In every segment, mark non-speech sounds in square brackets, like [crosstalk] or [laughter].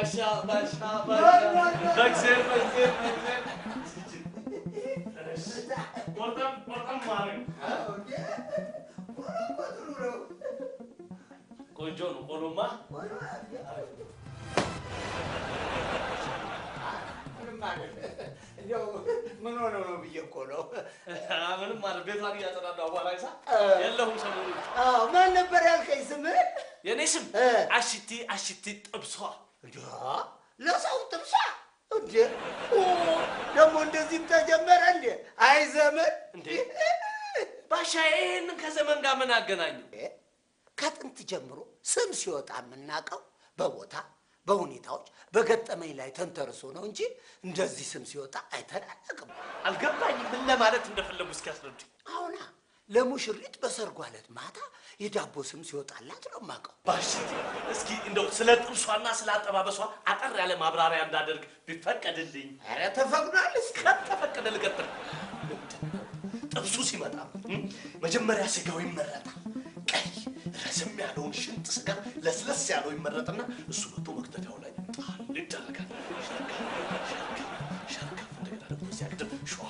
باشا باشا باشا بكسر بكسر بكسر وطن وطن مارك ቆንጆ ነው። ቆሎማ ምን ሆነው ነው ብዬ እኮ ነው። ምንም ማለት ቤቷን እያጸዳዳሁ በኋላ ይሳ የለሁም ሰሞኑን። ማን ነበር ያልከኝ ስምህ? የእኔ ስም አሽቲ አሽቲ ጥብሷ እንዴ ለሰው ጥብሳ እንዴ ደግሞ እንደዚህም ተጀመረ እንዴ? አይ ዘመን እንዴ ባሻዬ፣ ይህንን ከዘመን ጋር ምን አገናኘው? ከጥንት ጀምሮ ስም ሲወጣ የምናውቀው በቦታ በሁኔታዎች በገጠመኝ ላይ ተንተርሶ ነው እንጂ እንደዚህ ስም ሲወጣ አይተናነቅም። አልገባኝም። ምን ለማለት እንደፈለጉ እስኪያስረዱኝ አሁና ለሙሽሪት በሰርጉ ዕለት ማታ የዳቦ ስም ሲወጣላት ነው የማውቀው። ባሽ እስኪ እንደው ስለ ጥብሷና ስለ አጠባበሷ አጠር ያለ ማብራሪያ እንዳደርግ ቢፈቀድልኝ። ኧረ ተፈቅዷል። እስከ ተፈቀደ ልቀጥል። ጥብሱ ሲመጣ መጀመሪያ ስጋው ይመረጣል። ቀይ ረዘም ያለውን ሽንጥ ስጋ ለስለስ ያለው ይመረጥና እሱ መቶ መክተፊያው ላይ ጣል ይደረጋል። ሸርከፍ እንደገና ደግሞ ሲያግድም ሸዋ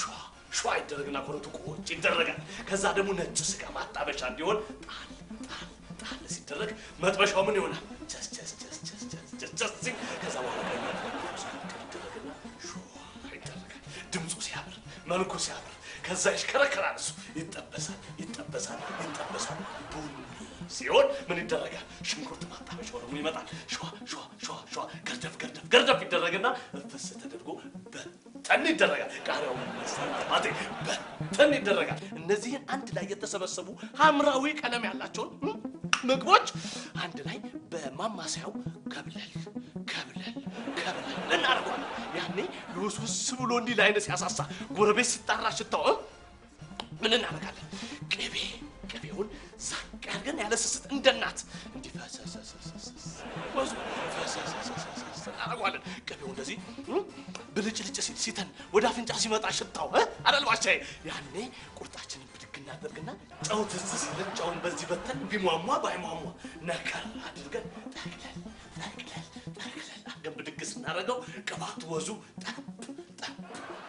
ሸዋ ሸዋ ይደረግና ኮረቱ ቁጭ ይደረጋል። ከዛ ደግሞ ነጭ ስጋ ማጣበሻ እንዲሆን ጣል ጣል ጣል ሲደረግ መጥበሻው ምን ይሆናል? ቸስ ቸስ ቸስ ቸስ ቸስ ቸስ ቸስ ሲል ከዛ በኋላ ይደረግና ሸዋ ይደረጋል። ድምፁ ሲያምር፣ መልኩ ሲያምር ከዛ ይሽከረከራል። እሱ ይጠበሳል ይጠበሳል ይጠበሳል። ቡኒ ሲሆን ምን ይደረጋል? ሽንኩርት ማጣበሻው ደግሞ ይመጣል። ሸዋ ሸዋ ሸዋ ሸዋ ገርደፍ ገርደፍ ገርደፍ ይደረግና እፍስ ተደርጎ ጠን ይደረጋል፣ ቃሪያው ማቴ በተን ይደረጋል። እነዚህን አንድ ላይ የተሰበሰቡ ሐምራዊ ቀለም ያላቸውን ምግቦች አንድ ላይ በማማሰያው ከብለል ከብለል ከብለል እናደርገዋለን። ያኔ ልውስውስ ብሎ እንዲህ ለዓይነ ሲያሳሳ ጎረቤት ሲጣራ ሽታው ምን እናደርጋለን? ቅቤ ቅቤውን ዛቅ አድርገን ያለ ስስት እንደናት እናት እንዲህ ፈሰሰሰሰሰ ወዙ ፈሰሰሰሰሰ እናደርገዋለን። ቅቤው እንደዚህ ብልጭ ልጭ ሲተን ወደ አፍንጫ ሲመጣ ሽታው አይደል ባሻዬ? ያኔ ቁርጣችንን ብድግ እናደርግና ጨው ትዝ ሲለን ጨውን በዚህ በተን ቢሟሟ ባይሟሟ ነከር አድርገን ጠቅለል ጠቅለል ጠቅለል አድርገን ብድግ ስናደርገው ቅባቱ ወዙ ጠብ ጠብ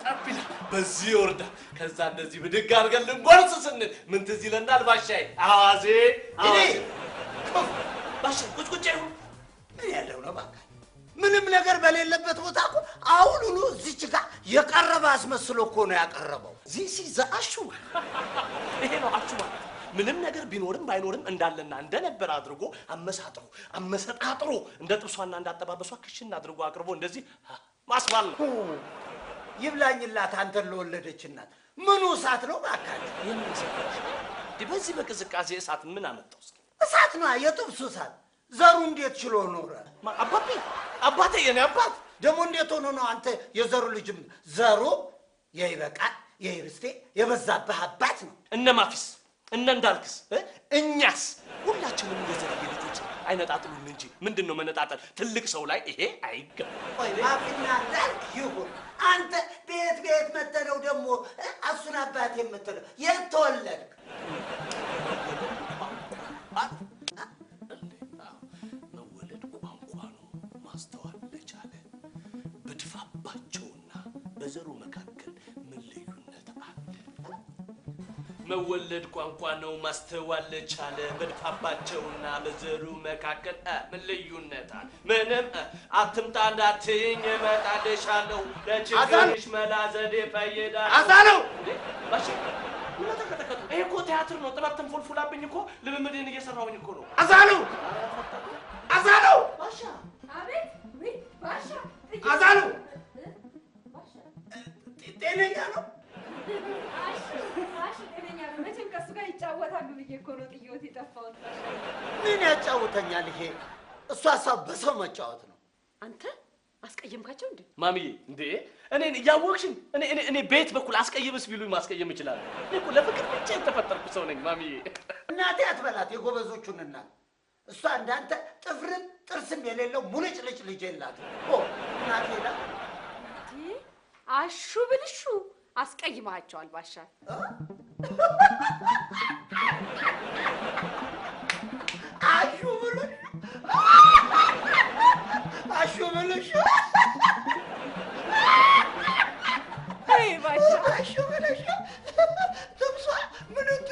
ጠብ ይላል፣ በዚህ ወርዳ። ከዛ እንደዚህ ብድግ አድርገን ልንጎርስ ስንል ምን ትዝ ይለናል ባሻዬ? አዋዜ አዋዜ ባሻዬ ቁጭ ቁጭ ይሁን ምን ያለው ነው እባክህ ምንም ነገር በሌለበት ቦታ እኮ አሁን ሁሉ እዚች ጋር የቀረበ አስመስሎ እኮ ነው ያቀረበው። ዚስ ዘ አሹ ይሄ ነው አሹ ማለት ምንም ነገር ቢኖርም ባይኖርም እንዳለና እንደነበር አድርጎ አመሳጥሮ አመሰቃጥሮ እንደ ጥብሷና እንዳጠባበሷ ክሽና አድርጎ አቅርቦ እንደዚህ ማስባል ነው። ይብላኝላት አንተን ለወለደች እናት ምኑ እሳት ነው ባካል ይህ በዚህ በቅዝቃዜ እሳት ምን አመጣው? እሳት ነዋ፣ የጥብሱ እሳት። ዘሩ እንዴት ችሎ ኖረ አባቤ አባቴ የኔ አባት ደግሞ እንዴት ሆኖ ነው አንተ የዘሩ ልጅም ዘሩ የይበቃል የይርስቴ የበዛብህ አባት ነው። እነ ማፊስ እነ እንዳልክስ እኛስ ሁላችንም የዘራ ቤቶች አይነጣጥሉን እንጂ ምንድን ነው መነጣጠል? ትልቅ ሰው ላይ ይሄ አይገባም። ማፊና እንዳልክ ይሁን አንተ ቤት ቤት መተለው ደግሞ እሱን አባት የምትለው የት ተወለድክ? በዘሩ መካከል ምን ልዩነት አለ? መወለድ ቋንቋ ነው ማስተዋል ቻለ በድፋባቸውና በዘሩ መካከል ምን ልዩነት አለ? ምንም አትምጣ እንዳትኝ እመጣልሻለሁ። ለችግርሽ መላ ዘዴ ፈይዳ አዛለው ይሄ እኮ ቲያትር ነው። ጥበብ ተንፎልፎላብኝ እኮ ልምምድን እየሰራውኝ እኮ ነው። አዛለው አዛለው ባሻ አቤት ባሻ አዛለው ብዬ እኮ ነው ጥዬዎት የጠፋሁት። ምን ያጫውተኛል ይሄ? እሱ ሀሳብ በሰው መጫወት ነው። አንተ አስቀየምካቸው እንዴ? ማሚዬ እንዴ እኔን እያወቅሽኝ እኔ እኔ እኔ ቤት በኩል አስቀየምስ ቢሉኝ ማስቀየም እችላለሁ። ለፍቅር ብቻ የተፈጠርኩ ሰው ነኝ ማሚዬ። እናቴ አትበላት የጎበዞቹን እናት። እሷ እንዳንተ ጥፍርም ጥርስም የሌለው ሙልጭልጭ ልጅ የላት እናቴ። ላ አሹ ብልሹ አስቀይመሃቸዋል ባሻል አሹ ብሎሽ አሹ ብሎሽ አሹ ብሎሽ ትብሷ ምኑን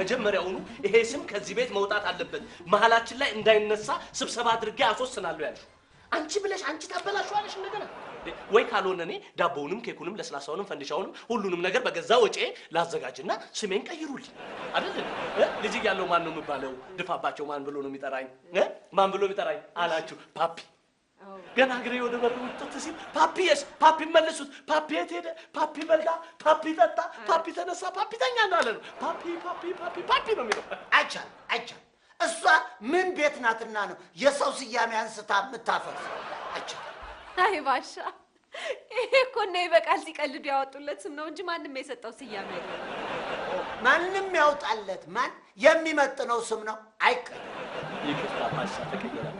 መጀመሪያውኑ ይሄ ስም ከዚህ ቤት መውጣት አለበት፣ መሀላችን ላይ እንዳይነሳ ስብሰባ አድርጌ አስወስናለሁ ያልሽው አንቺ ብለሽ አንቺ ታበላሽዋለሽ እንደገና። ወይ ካልሆነ እኔ ዳቦውንም ኬኩንም ለስላሳውንም ፈንዲሻውንም ሁሉንም ነገር በገዛ ወጪ ላዘጋጅና ስሜን ቀይሩልኝ። አይደል ልጅ እያለሁ ማን ነው የሚባለው? ድፋባቸው ማን ብሎ ነው የሚጠራኝ? ማን ብሎ የሚጠራኝ አላችሁ ፓፒ ገና እግሬ ወደ በር ውጥት ሲል ፓፒየስ ፓፒ መልሱት፣ ፓፒ የት ሄደ? ፓፒ በላ፣ ፓፒ ጠጣ፣ ፓፒ ተነሳ፣ ፓፒ ተኛ እንዳለ ነው። ፓፒ ፓፒ ፓፒ ፓፒ ነው የሚለው። አይቻልም፣ አይቻልም። እሷ ምን ቤት ናትና ነው የሰው ስያሜ አንስታ የምታፈርስ? አይቻልም። አይ ባሻ፣ ይሄ እኮ ነው ይበቃል። ሲቀልዱ ያወጡለት ስም ነው እንጂ ማንም የሰጠው ስያሜ አይደለም። ማንም ያውጣለት ማን የሚመጥነው ስም ነው። አይቀር ይቅርታ ባሻ፣ ተቀየራል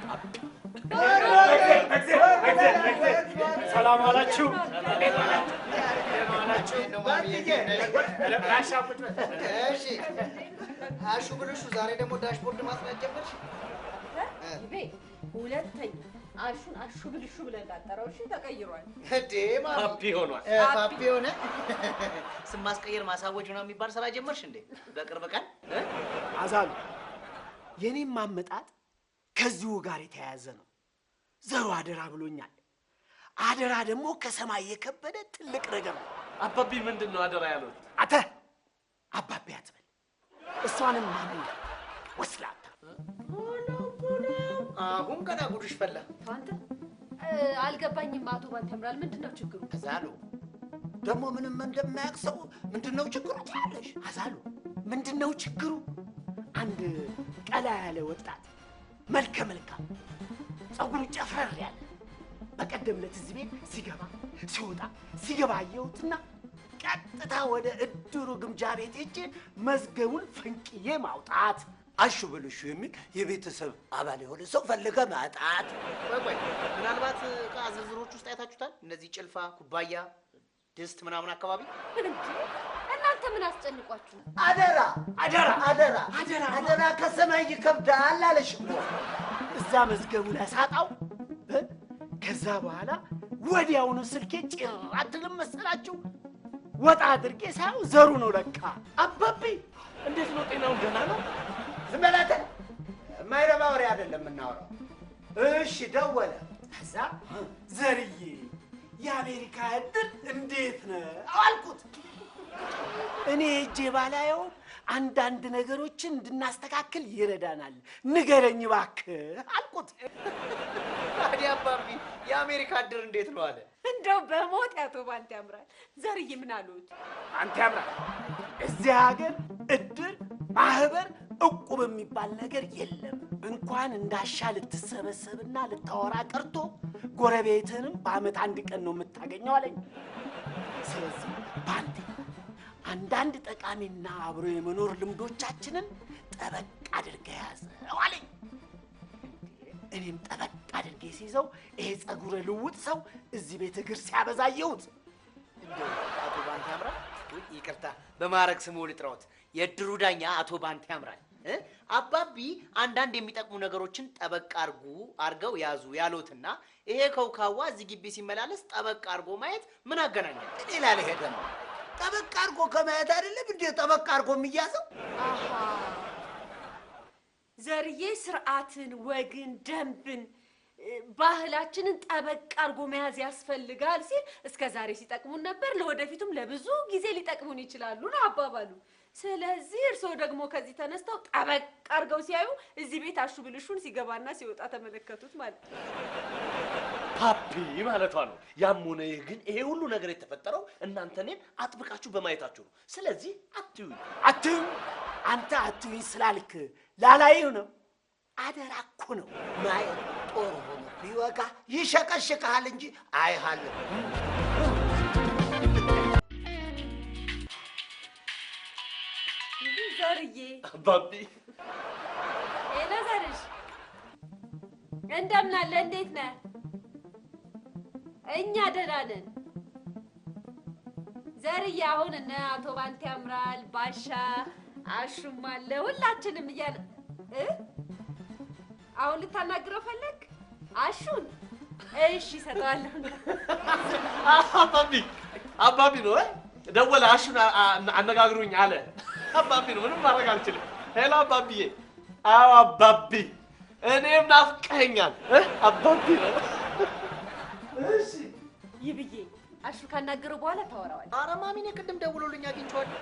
ሰላም አላችሁ። አሹ ብልሹ፣ ዛሬ ደግሞ ዳሽቦርድ ማጽዳት ጀመርሽ። ሁለተኛ አሹን አሹ ብልሹ ብለን እሺ፣ ተቀይሯል። ፓፒ ሆነ። ስም ማስቀየር ማሳወጅ ነው የሚባል ስራ ጀመርሽ እንዴ? በቅርብ ቀን አዛሉ፣ የኔም አመጣጥ ከዚሁ ጋር የተያያዘ ነው። ዘሩ አደራ ብሎኛል። አደራ ደግሞ ከሰማይ የከበደ ትልቅ ነገር ነው። አባቢ ምንድን ነው አደራ ያሉት? አተ አባቢ አትበል፣ እሷንም ማመኛ ወስላ አሁን ገና ጉድሽ ፈላ። አንተ አልገባኝም። አቶ ባንተምራል ምንድን ነው ችግሩ? አዛሉ ደግሞ ምንም እንደማያውቅ ሰው ምንድን ነው ችግሩ ትላለሽ? አዛሉ ምንድን ነው ችግሩ? አንድ ቀላ ያለ ወጣት መልከ መልካም ጸጉሩ ጨፈር ያለ በቀደም ዕለት እዚህ ቤት ሲገባ ሲወጣ ሲገባ አየሁትና ቀጥታ ወደ እድሩ ግምጃ ቤት ሄጄ መዝገቡን ፈንቅዬ ማውጣት አሹ ብልሹ የሚል የቤተሰብ አባል የሆነ ሰው ፈልገ ማጣት። ምናልባት ዕቃ ዝርዝሮች ውስጥ አይታችሁታል። እነዚህ ጭልፋ፣ ኩባያ፣ ድስት ምናምን አካባቢ እናንተ ምን አስጨንቋችሁ? አደራ አደራ አደራ አደራ ከሰማይ ይከብዳል አለሽ እዛ መዝገቡ ላይ ሳጣው ከዛ በኋላ ወዲያውኑ ስልኬ ጭር አትልም መሰላችሁ። ወጣ አድርጌ ሳየው ዘሩ ነው ለካ። አባቤ እንዴት ነው ጤናው? ገና ነው። ዝም በላት፣ የማይረባ ወሬ አይደለም የምናወራው። እሺ ደወለ። ከዛ ዘርዬ የአሜሪካ እድል እንዴት ነው አልኩት። እኔ እጄ ባላየውም አንዳንድ ነገሮችን እንድናስተካክል ይረዳናል። ንገረኝ እባክህ አልኩት። ታዲያ አባቢ የአሜሪካ እድር እንዴት ነው አለ። እንደው በሞት ያቶ በአንተ ያምራል። ዘርዬ ምን አሉት? አንተ ያምራል። እዚህ ሀገር እድር፣ ማህበር፣ እቁብ የሚባል ነገር የለም። እንኳን እንዳሻ ልትሰበሰብና ልታወራ ቀርቶ ጎረቤትንም በአመት አንድ ቀን ነው የምታገኘው አለኝ። ስለዚህ በአንዴ አንዳንድ ጠቃሚና አብሮ የመኖር ልምዶቻችንን ጠበቅ አድርገ ያዝ አለኝ። እኔም ጠበቅ አድርጌ ሲይዘው ይሄ ጸጉረ ልውጥ ሰው እዚህ ቤት እግር ሲያበዛየሁት አቶ ባንቲ ያምራል። ይቅርታ በማዕረግ ስሙ ልጥረውት፣ የድሩ ዳኛ አቶ ባንቲ ያምራል። አባቢ አንዳንድ የሚጠቅሙ ነገሮችን ጠበቅ አርጉ አርገው ያዙ ያሉትና ይሄ ከውካዋ እዚህ ግቢ ሲመላለስ ጠበቅ አርጎ ማየት ምን አገናኛል? ሌላ ልሄድ ነው ጠበቃ አድርጎ ከማየት አይደለም እንዴ? ጠበቃ አርጎ የሚያዘው ዘርዬ ስርዓትን፣ ወግን፣ ደንብን፣ ባህላችንን ጠበቅ አድርጎ መያዝ ያስፈልጋል ሲል እስከ ዛሬ ሲጠቅሙን ነበር፣ ለወደፊቱም ለብዙ ጊዜ ሊጠቅሙን ይችላሉ ነው አባባሉ። ስለዚህ እርስዎ ደግሞ ከዚህ ተነስተው ጠበቅ አድርገው ሲያዩ እዚህ ቤት አሹ ብልሹን ሲገባና ሲወጣ ተመለከቱት ማለት ነው። ሀፒ ማለቷ ነው። ያም ሆነ ይህ ግን ይሄ ሁሉ ነገር የተፈጠረው እናንተ እኔን አጥብቃችሁ በማየታችሁ ነው። ስለዚህ አትዩኝ። አትዩኝ አንተ አትዩኝ ስላልክ ላላይህ ነው። አደራ እኮ ነው። ማየት ጦር ሆኖ ቢወጋ ይሸቀሽቀሃል እንጂ አይሃለሁ። ዞርዬ እንደምናለ እንዴት ነህ? እኛ ደህና ነን። ዘርዬ አሁን እነ አቶ ባንቲ ያምራል ባሻ አሹም አለ ሁላችንም እያለ አሁን ልታናግረው ፈለግ አሹን? እሺ እሰጠዋለሁ። አባቢ አባቢ ነው ደወለ። አሹን አነጋግሩኝ አለ። አባቢ ነው ምንም ማድረግ አልችልም። ሄሎ አባቢዬ። አዎ አባቢ፣ እኔም ናፍቀኸኛል። አባቢ ነው ይብዬ አሹ ካናገሩ በኋላ ታወራዋል። ኧረ ማሚ ቅድም ደውሎልኝ አግኝቼዋለሁ።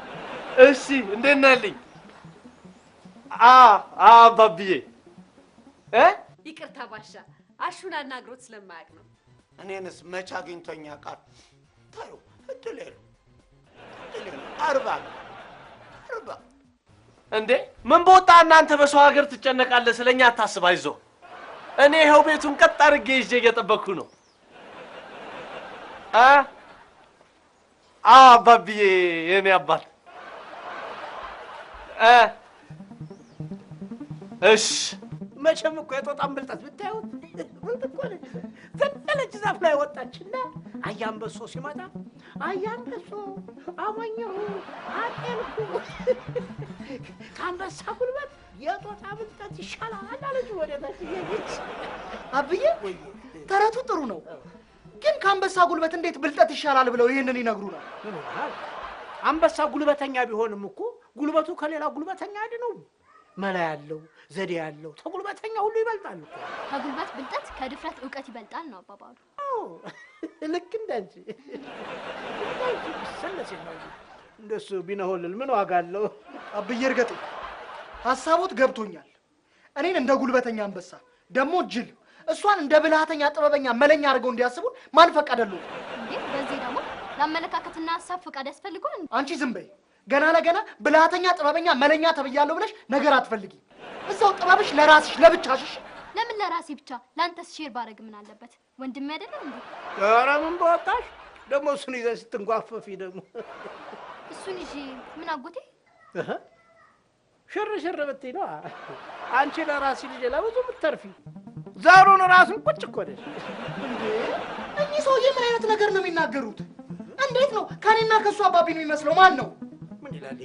እሺ እንዴት አ አ አባብዬ እ ይቅርታ ባሻ አሹን አናግሮት ስለማያውቅ ነው። እኔንስ መቼ አግኝቶኝ ያውቃል? ታዩ እድል የለውም አርባ አርባ እንዴ ምን በወጣ እናንተ በሰው ሀገር ትጨነቃለህ፣ ስለኛ አታስብ፣ አይዞህ። እኔ ይኸው ቤቱን ቀጥ አድርጌ ይዤ እየጠበቅኩ ነው። አባብዬ የኔ አባት እሽ መቼም እኮ የጦጣን ብልጠት ብታዩት ዘለለች ዛፍ ላይ ወጣችና አያንበሶ ሲመጣ አያንበሶ አሞኘሁ አጤንኩ ከአንበሳ ጉልበት የጦጣ ብልጠት ይሻላል አለች። ወደታች አብዬ ተረቱ ጥሩ ነው። ግን ከአንበሳ ጉልበት እንዴት ብልጠት ይሻላል ብለው ይህንን ይነግሩናል። አንበሳ ጉልበተኛ ቢሆንም እኮ ጉልበቱ ከሌላ ጉልበተኛ አይድነውም። መላ ያለው ዘዴ ያለው ተጉልበተኛ ሁሉ ይበልጣል ከጉልበት ብልጠት፣ ከድፍረት እውቀት ይበልጣል ነው አባባሉ። ልክ እንዳንቺ ሰለሴ ነው። እንደሱ ቢነሆልል ምን ዋጋ አለው? አብዬ እርገጤ ሀሳቦት ገብቶኛል። እኔን እንደ ጉልበተኛ አንበሳ ደግሞ ጅል እሷን እንደ ብልሃተኛ ጥበበኛ መለኛ አድርገው እንዲያስቡን ማን ፈቀደሉ? በዚህ ደግሞ ለአመለካከትና ሀሳብ ፍቃድ ያስፈልገዋል። አንቺ ዝም በይ። ገና ለገና ብልሃተኛ ጥበበኛ መለኛ ተብያለሁ ብለሽ ነገር አትፈልጊ። እዛው ጥበብሽ ለራስሽ ለብቻሽሽ። ለምን ለራሴ ብቻ? ለአንተስ ሼር ባረግ ምን አለበት? ወንድሜ አይደለም እንዴ? ኧረ ምን በወጣሽ ደግሞ እሱን ይዘሽ ስትንጓፈፊ ደግሞ እሱን ይዤ ምን አጎቴ ሽር ሽር ብትይ ነው አንቺ ለራሴ ልጅ ለብዙ ምትተርፊ ዘሩን ራሱን ቁጭ እኮ ነሽ። እኚህ ሰውዬ ምን አይነት ነገር ነው የሚናገሩት? እንዴት ነው ከኔና ከእሱ አባቢ ነው የሚመስለው? ማን ነው? ምን ይላል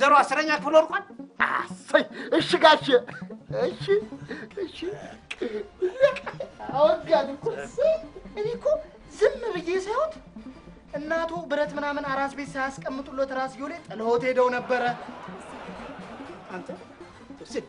ዘሩ? አስረኛ ክፍል ወርቋል። አሰይ! እሺ ጋሼ፣ እሺ፣ እሺ። አወጋን እኮ እኔ እኮ ዝም ብዬ ሳይሆን እናቱ ብረት ምናምን አራስ ቤት ሳያስቀምጡለት ራስ ላይ ጥለውት ሄደው ነበረ። አንተ ስዴ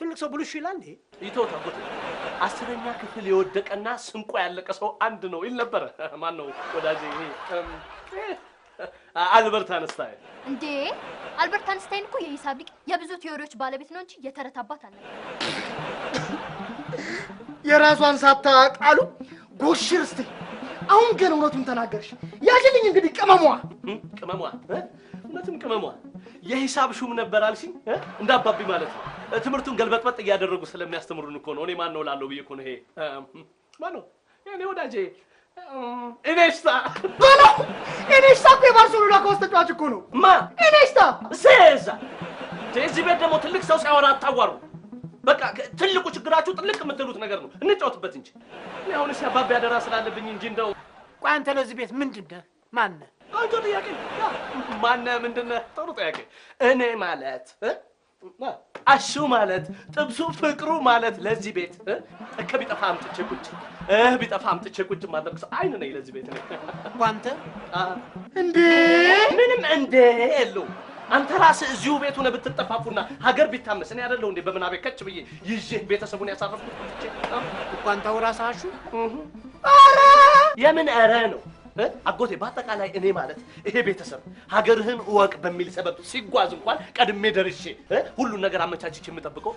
ትልቅ ሰው ብልሹ ይላል። ይሄ ታቦት አስረኛ ክፍል የወደቀና ስንቆ ያለቀ ሰው አንድ ነው ይል ነበረ። ማን ነው ወዳጅ ይሄ አልበርት አነስታይን። እንዴ አልበርት አንስታይን እኮ የሂሳብ ሊቅ የብዙ ቴዎሪዎች ባለቤት ነው እንጂ የተረት አባት አለ የራሷን ሳታውቅ አሉ ጎሽ ርስቴ፣ አሁን ግን እውነቱን ተናገርሽ። ያችልኝ እንግዲህ ቅመሟ ቅመሟ እውነትም ቅመሟ የሂሳብ ሹም ነበር አልሽኝ። እንዳባቢ ማለት ነው። ትምህርቱን ገልበጥበጥ እያደረጉ ስለሚያስተምሩን እኮ ነው። እኔ ማን ነው ላለው ብዬ እኮ ነው። ይሄ ማን ነው የእኔ ወዳጄ ኢኔስታ በለው። ኢኔስታ እኮ የባርሴሎና ኳስ ተጫዋች እኮ ነው። ማ ኢኔስታ ሴዛ። እዚህ ቤት ደግሞ ትልቅ ሰው ሲያወራ አታዋሩ። በቃ ትልቁ ችግራችሁ ጥልቅ የምትሉት ነገር ነው። እንጫወትበት እንጂ እኔ አሁን ሲያባቢ አደራ ስላለብኝ እንጂ እንደው። ቋንተ ነው ለዚህ ቤት ምንድን ነህ? ማን ነህ? ቆንጆ ጥያቄ። ማነህ? ምንድን ጥሩ ጥያቄ። እኔ ማለት አሹ ማለት ጥብሱ ፍቅሩ ማለት ለዚህ ቤት እከ ቢጠፋ አምጥቼ ቁጭ እህ ቢጠፋ አምጥቼ ቁጭ ማድረግ ሰው አይን ነኝ ለዚህ ቤት ነኝ። አንተ እንዴ ምንም እንዴ የለውም። አንተ ራስህ እዚሁ ቤት ሆነህ ብትጠፋፉና ሀገር ቢታመስ እኔ አይደለሁ እንዴ በምናቤ ከች ብዬ ይዤ ቤተሰቡን ያሳረፍኩት? እኮ አንተው ራስህ አሹ። ኧረ የምን ኧረ ነው አጎቴ በአጠቃላይ እኔ ማለት ይሄ ቤተሰብ ሀገርህን እወቅ በሚል ሰበብ ሲጓዝ እንኳን ቀድሜ ደርሼ ሁሉን ነገር አመቻችች የምጠብቀው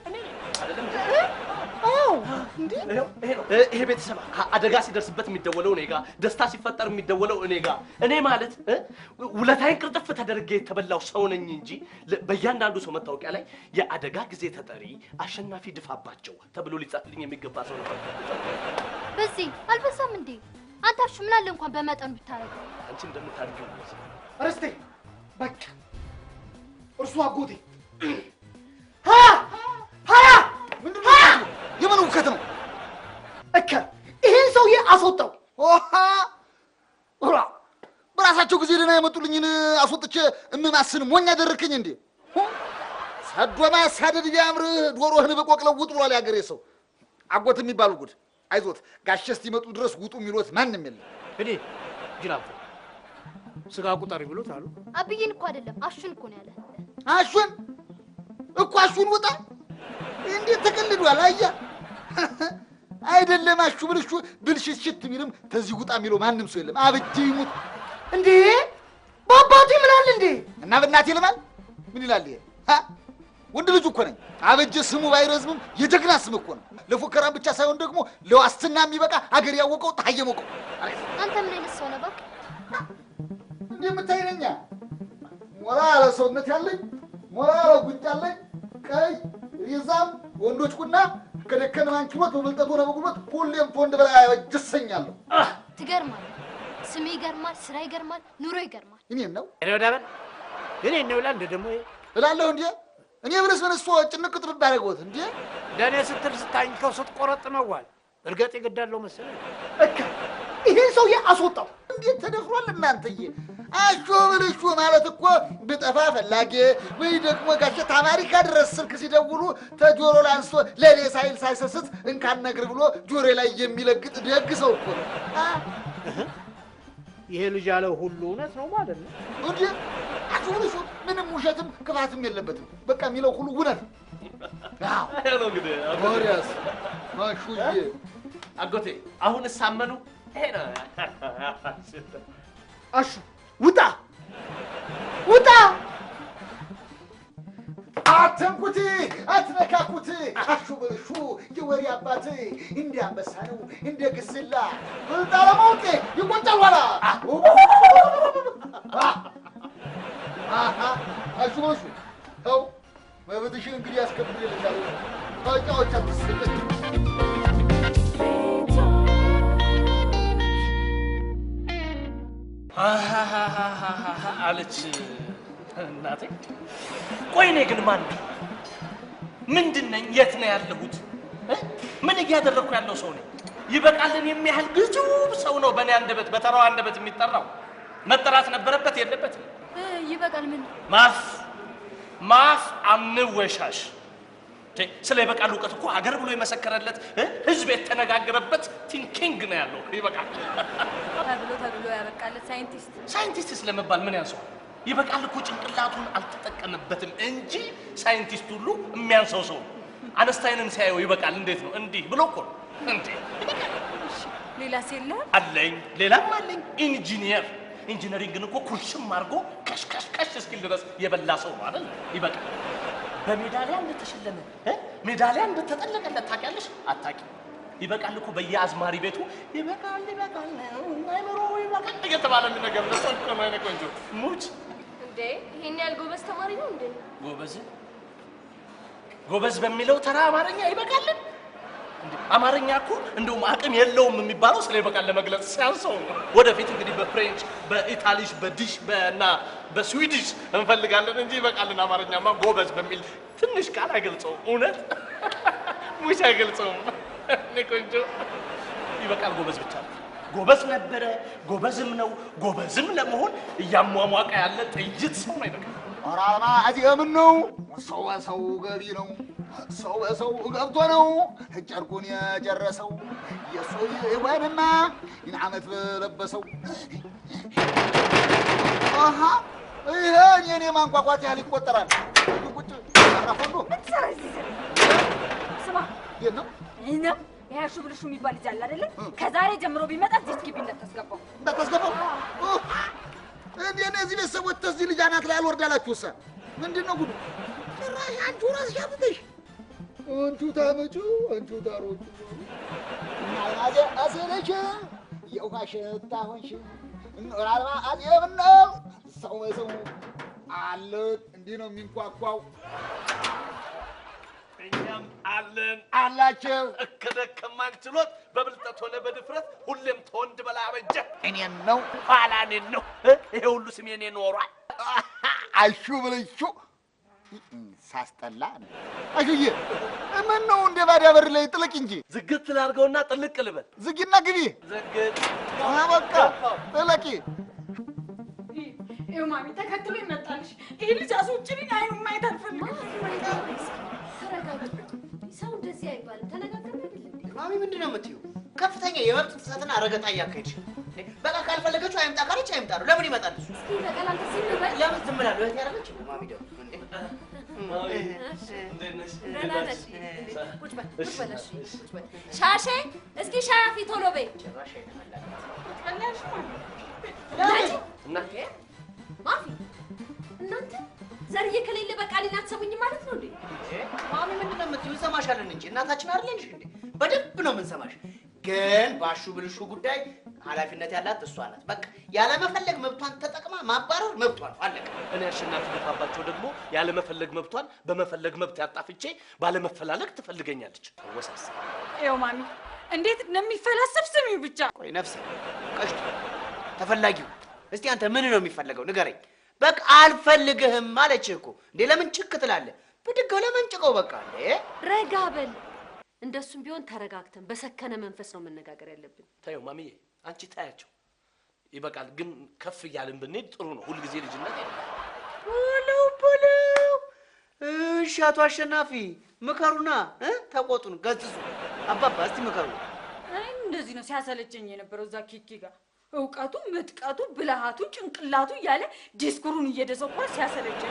ይሄ ቤተሰብ አደጋ ሲደርስበት የሚደወለው እኔ ጋ፣ ደስታ ሲፈጠር የሚደወለው እኔ ጋ። እኔ ማለት ውለታዬን ቅርጥፍ ተደርጌ የተበላው ሰው ነኝ እንጂ በእያንዳንዱ ሰው መታወቂያ ላይ የአደጋ ጊዜ ተጠሪ አሸናፊ ድፋባቸው ተብሎ ሊጻፍልኝ የሚገባ ሰው ነበር። በዚህ አልበሳም እንዴ? አታፍሽ ምን አለ እንኳን በመጠኑ ብታረግ አንቺ እንደምታድርጊው ነው። እርስቴ በቃ እርሱ አጎቴ ሀያ ሀያ የምን ውከት ነው? እከ ይህን ሰውዬ አስወጣው። በራሳቸው ጊዜ ደህና የመጡልኝን አስወጥቼ እምማስን ሞኝ ያደረከኝ እንዴ? ሰዶማ ሳደድ ቢያምርህ ዶሮህን በቆቅለው ውጥ ብሏል ያገሬ ሰው አጎት የሚባሉ ጉድ አይዞት ጋሸ እስኪመጡ ድረስ ውጡ የሚሎት ማንም የለም። እንግዲህ ጅላፎ ስጋ ቁጠሪ ብሎት አሉ። አብይን እኮ አይደለም አሹን እኮ ነው ያለ። አሹን እኮ አሹን ውጣ። እንዴት ተቀልዷል? አያ አይደለም አሹ ብልሹ ብልሽት ሽት ቢልም ተዚህ ውጣ የሚለው ማንም ሰው የለም። አብጅ ይሙት እንዴ! በአባቱ ይምላል እንዴ! እና በእናት ይልማል። ምን ይላል ይሄ? ወንድ ልጅ እኮ ነኝ። አበጀ ስሙ ባይረዝምም የጀግና ስም እኮ ነው። ለፉከራም ብቻ ሳይሆን ደግሞ ለዋስትና የሚበቃ አገር ያወቀው ታየ ሞቀው። አንተ ምን አይነት ሰው ነበር እባክህ የምታይነኛ? ሞራ አለ ሰውነት ያለኝ ሞራ አለ ጉንጭ ያለኝ ቀይ ሪዛም ወንዶች ቁና ከደከነ አንኪሎት በመልጠት ሆነ በጉልበት ሁሌም ፎንድ በላይ አበጀሰኛለሁ። ትገርማል። ስሜ ይገርማል፣ ስራ ይገርማል፣ ኑሮ ይገርማል። እኔን ነው እኔ ወዳበን እኔን ነው እላለሁ ደግሞ እላለሁ እንዴ እኔ ምንስ ምን እሱ ጭንቅ ጥብብ አደረገውት እንዴ? ለእኔ ስትል ስታኝከው ስትቆረጥ መዋል እርገጥ የገዳለው መሰለኝ። እካ ይህን ሰውዬ አስወጣው። እንዴት ተደፍሯል እናንተዬ! አሾ ብልሹ ማለት እኮ ብጠፋ ፈላጊ ወይ ደግሞ ጋሸ ታማሪ ካደረስ ስልክ ሲደውሉ ተጆሮ ላይ አንስቶ ለእኔ ሳይል ሳይሰስት እንካን እንካነግር ብሎ ጆሬ ላይ የሚለግጥ ደግ ሰው እኮ ነው። ይሄ ልጅ ያለው ሁሉ እውነት ነው ማለት ነው እንዴ? አሁን እሱ ምንም ውሸትም ቅባትም የለበትም። በቃ የሚለው ሁሉ እውነት ነው። ያው እንግዲህ ቦሪያስ ማሹዬ አጎቴ አሁን ሳመኑ። ይሄ ነው አሹ። ውጣ ውጣ አትንኩት፣ አትነካኩት፣ አሹ ብልሹ የወሬ አባት እንደ አንበሳ ነው እንደ ግስላ ጣለማውቄ ይቆጫል ኋላ አሹ ብልሹ ተው መብትሽን እንግዲህ ያስከብልልሻል። ታጫዎች አትስጠች አለች እናቴ ቆይኔ ግን ማን ምንድን ነኝ? የት ነው ያለሁት? ምን እያደረግኩ ያለው ሰው ነኝ? ይበቃልን የሚያህል ግዙፍ ሰው ነው በእኔ አንደበት፣ በተራው አንደበት የሚጠራው። መጠራት ነበረበት የለበትም? ይበቃል። ምን ማፍ ማፍ አንወሻሽ። ስለ ይበቃል እውቀት እኮ አገር ብሎ የመሰከረለት ህዝብ የተነጋገረበት ቲንኪንግ ነው ያለው። ይበቃል ተብሎ ተብሎ ያበቃለት ሳይንቲስት ሳይንቲስት ስለመባል ምን ያንሰዋል? ይበቃል እኮ ጭንቅላቱን አልተጠቀምበትም እንጂ ሳይንቲስት ሁሉ የሚያንሰው ሰው ነው። አነስታይንን ሲያየው ይበቃል እንዴት ነው እንዲህ ብሎ እኮ ነው እንዴ። ሌላስ የለም አለኝ። ሌላም አለኝ። ኢንጂኒየር ኢንጂነሪንግን እኮ ኩልሽም አድርጎ ከሽከሽከሽ እስኪል ድረስ የበላ ሰው ነው አይደል? ይበቃል። በሜዳሊያ እንደተሸለመ ሜዳሊያ እንደተጠለቀለት ታውቂያለሽ? አታውቂም? ይበቃል እኮ በየአዝማሪ ቤቱ ይበቃል፣ ይበቃል፣ አይምሮ ይበቃል እየተባለ የሚነገር ለሰ ነው ቆንጆ ሙች ይሄን ያህል ጎበዝ ተማሪ ነው እንዴ? ጎበዝ ጎበዝ በሚለው ተራ አማርኛ ይበቃልን? አማርኛ እኮ እንደውም አቅም የለውም የሚባለው ስለ ይበቃል ለመግለጽ ሲያንሰው። ወደፊት እንግዲህ በፍሬንች በኢታሊሽ በዲሽ እና በስዊድሽ እንፈልጋለን እንጂ ይበቃልን አማርኛማ ጎበዝ በሚል ትንሽ ቃል አይገልጸው እውነት [laughs] ሙሽ አይገልጸውም። ቆንጆ ይበቃል ጎበዝ ብቻ ጎበዝ ነበረ፣ ጎበዝም ነው፣ ጎበዝም ለመሆን እያሟሟቀ ያለ ጥይት ሰው ነው። ይበቃ ራማ እዚህም ነው ሰው በሰው ገቢ ነው ሰው በሰው ገብቶ ነው ጨርቁን የጨረሰው የእሱ ይወንማ ይንዓመት ለበሰው አሃ ይህን የኔ ማንቋቋት ያህል ይቆጠራል። ቁጭ ራፈዶ ስማ ነው ይሄ ብልሹ የሚባል ልጅ አለ አይደለ? ከዛሬ ጀምሮ ቢመጣ እዚህ ግቢ እንዳታስገባው እንዳታስገባው። እንዴ እነዚህ ቤተሰቦች ተዚህ ልጅ አናት ላይ አልወርዳላችሁ። እሷ ምንድን ነው ጉዱ? ጭራሽ አንቺ ራስሽ አብተሽ አንቺ ታመጩ አንቺ ታሮጩ ናይናዜ አሰለች የውሃ ሽታ ሆንሽ። ኖር አዜብ ነው ሰው በሰው አለ እንዲህ ነው የሚንኳኳው እኛም አለን አላችሁ። እከደከማን ችሎት በብልጠት ሆነ በድፍረት ሁሌም ተወንድ በላ አበጀ። እኔን ነው ኋላ እኔን ነው ይሄ ሁሉ ስሜ እኔ ኖሯል። አሹ ብልሹ ሳስጠላ አሹዬ፣ ምን ነው እንደ ባዳ በር ላይ ጥልቅ እንጂ ዝግት ላድርገውና ጥልቅ ልበል። ዝጊና ግቢ ዝግት በቃ ጥለቂ ይኸው ተከትሎ ይመጣልሽ። ይህ ልጅ አስወጪልኝ፣ አይኑ ማየት አልፈልግም። ሰው እንደዚህ አይባልም። ተነጋግረን ማሚ ምንድን ነው የምትይው? ከፍተኛ የመብት ጥሰትና ረገጣ እያካሄድሽ በቃ ካልፈለገችው አይምጣ ካለች አይምጣ ነው። ለምን ይመጣል? ለምን ዝም ብላለሁ? እህቴ ያደረገች ማሚ ደግሞ ሻሼ እስኪ ሻፊ ቶሎ በይ። እናንተ ዘርዬ ከሌለ በቃ እኔን አትሰሙኝም ማለት ነው እንዴ? ማሚ ምንድን ነው የምትይው? እንሰማሻለን እንጂ እናታችን አይደለንሽ እንዴ? በደንብ ነው የምንሰማሽ። ግን ባሹ ብልሹ ጉዳይ ኃላፊነት ያላት እሷ ናት። በቃ ያለመፈለግ መብቷን ተጠቅማ ማባረር መብቷ ነው። አለቀ። እኔ አሸናፊ ልፋባቸው ደግሞ ያለመፈለግ መብቷን በመፈለግ መብት ያጣፍቼ ባለመፈላለግ ትፈልገኛለች። ወሳስ ይኸው ማሚ እንዴት እንደሚፈላሰፍ ስሚ ብቻ። ቆይ ነፍሴ ቀሽቱ ተፈላጊው፣ እስቲ አንተ ምን ነው የሚፈለገው ንገረኝ። በቃ አልፈልግህም ማለት እኮ እንዴ! ለምን ጭክ ትላለህ? ብድግ ለምን ጭቀው? በቃ እንዴ ረጋ በል። እንደሱም ቢሆን ተረጋግተን በሰከነ መንፈስ ነው መነጋገር ያለብን። ታዩ ማሚዬ፣ አንቺ ታያቸው ይበቃል። ግን ከፍ እያልን ብንሄድ ጥሩ ነው። ሁልጊዜ ልጅነት በለው በለው። እሺ አቶ አሸናፊ ምከሩና ተቆጡን ገዝዙ አባባ እስቲ ምከሩ። እንደዚህ ነው ሲያሰለቸኝ የነበረው እዛ ኪኪ ጋር እውቀቱ፣ ምጥቀቱ፣ ብልሃቱ፣ ጭንቅላቱ እያለ ዲስኩሩን እየደሰኳ ሲያሰለች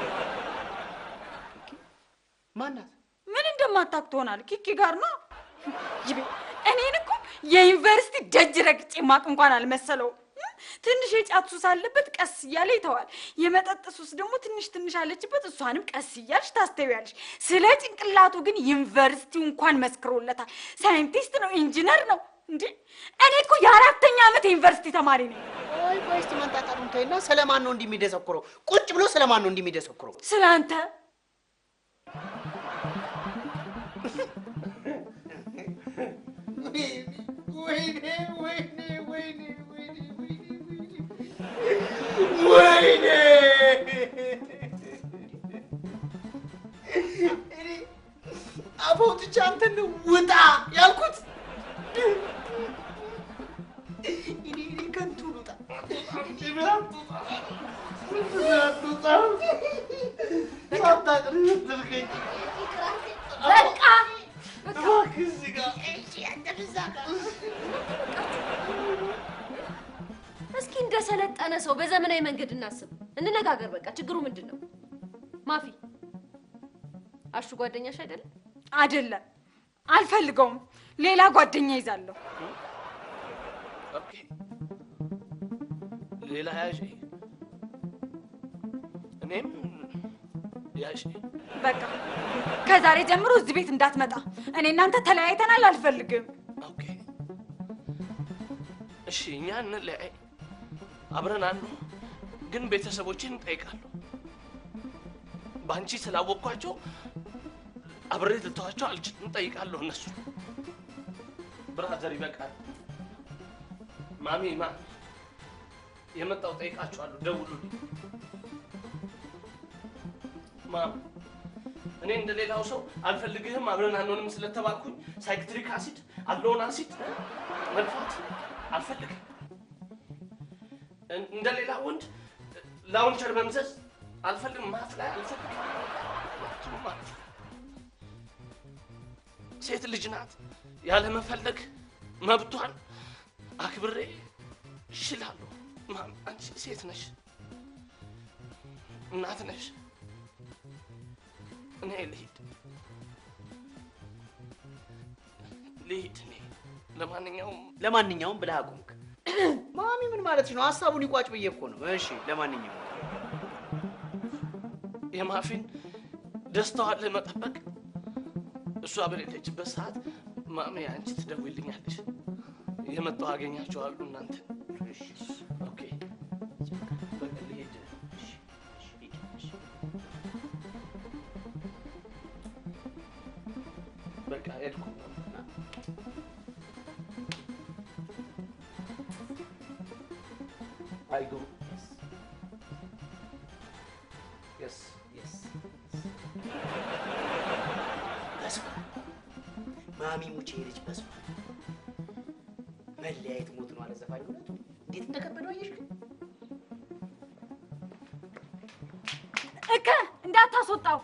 ማናት ምን እንደማታውቅ ትሆናል። ኪኪ ጋር ነው ይቤ እኔን እኮ የዩኒቨርሲቲ ደጅ ረግጬ ማቅ እንኳን አልመሰለው። ትንሽ የጫት ሱስ አለበት፣ ቀስ እያለ ይተዋል። የመጠጥ ሱስ ደግሞ ትንሽ ትንሽ አለችበት፣ እሷንም ቀስ እያልሽ ታስተውያለሽ። ስለ ጭንቅላቱ ግን ዩኒቨርሲቲው እንኳን መስክሮለታል። ሳይንቲስት ነው፣ ኢንጂነር ነው። እንዴ እኔ እኮ የአራተኛ ዓመት የዩኒቨርሲቲ ተማሪ ነኝ። ወይ ወይ እስቲ ማንጣጣሩን ተይና፣ ስለማን ነው እንደሚደሰኩረው? ቁጭ ብሎ ስለማን ነው እንደሚደሰኩረው? ስለ አንተ። ወይኔ ወይኔ ወይኔ አንተን ውጣ ያልኩት። እናስብ፣ እንነጋገር። በቃ ችግሩ ምንድን ነው? ማፊ አሹ ጓደኛሽ አይደለም? አይደለም። አልፈልገውም። ሌላ ጓደኛ ይዛለሁ። ሌላ ያዥ። እኔም ያዥ። በቃ ከዛሬ ጀምሮ እዚህ ቤት እንዳትመጣ። እኔ እናንተ ተለያይተናል። አልፈልግም። እሺ፣ እኛ እንለያይ፣ አብረን አንዱ ግን ቤተሰቦችን እጠይቃለሁ። በአንቺ ስላወቅኳቸው አብሬ ልተዋቸው አልችልም። እጠይቃለሁ እነሱ ብራዘር፣ ይበቃል። ማሚ ማ የመጣው ጠይቃችኋለሁ። ደውሉ ማ እኔ እንደሌላው ሰው አልፈልግህም፣ አብረን አንሆንም ስለተባልኩኝ ሳይክትሪክ አሲድ አለውን አሲድ መድፋት አልፈልግም እንደሌላ ወንድ ለአሁን ቸር መምዘዝ አልፈልግም። ማፍላ አልፈልግም። ሴት ልጅ ናት። ያለ መፈለግ መብቷን አክብሬ እሽላለሁ። ማም አንቺ ሴት ነሽ፣ እናት ነሽ። እኔ ልሂድ ልሂድ። እኔ ለማንኛውም ለማንኛውም ብለህ አቁምክ ማሚ ምን ማለት ነው? ሀሳቡን ይቋጭ ብዬ እኮ ነው። እሺ ለማንኛውም የማፊን ደስታዋን ለመጠበቅ እሷ በሌለችበት ሰዓት ማሜ አንቺ ትደውይልኛለሽ። የመጣሁ አገኛቸዋለሁ እናንተ ማሚ ሙቼ ልጅ በዝቷል። መለያየት ሞት ነው አለ ዘፋኝ። እውነቱ እንዴት እንደከበደው አየሽ? እከ እንዳታስወጣው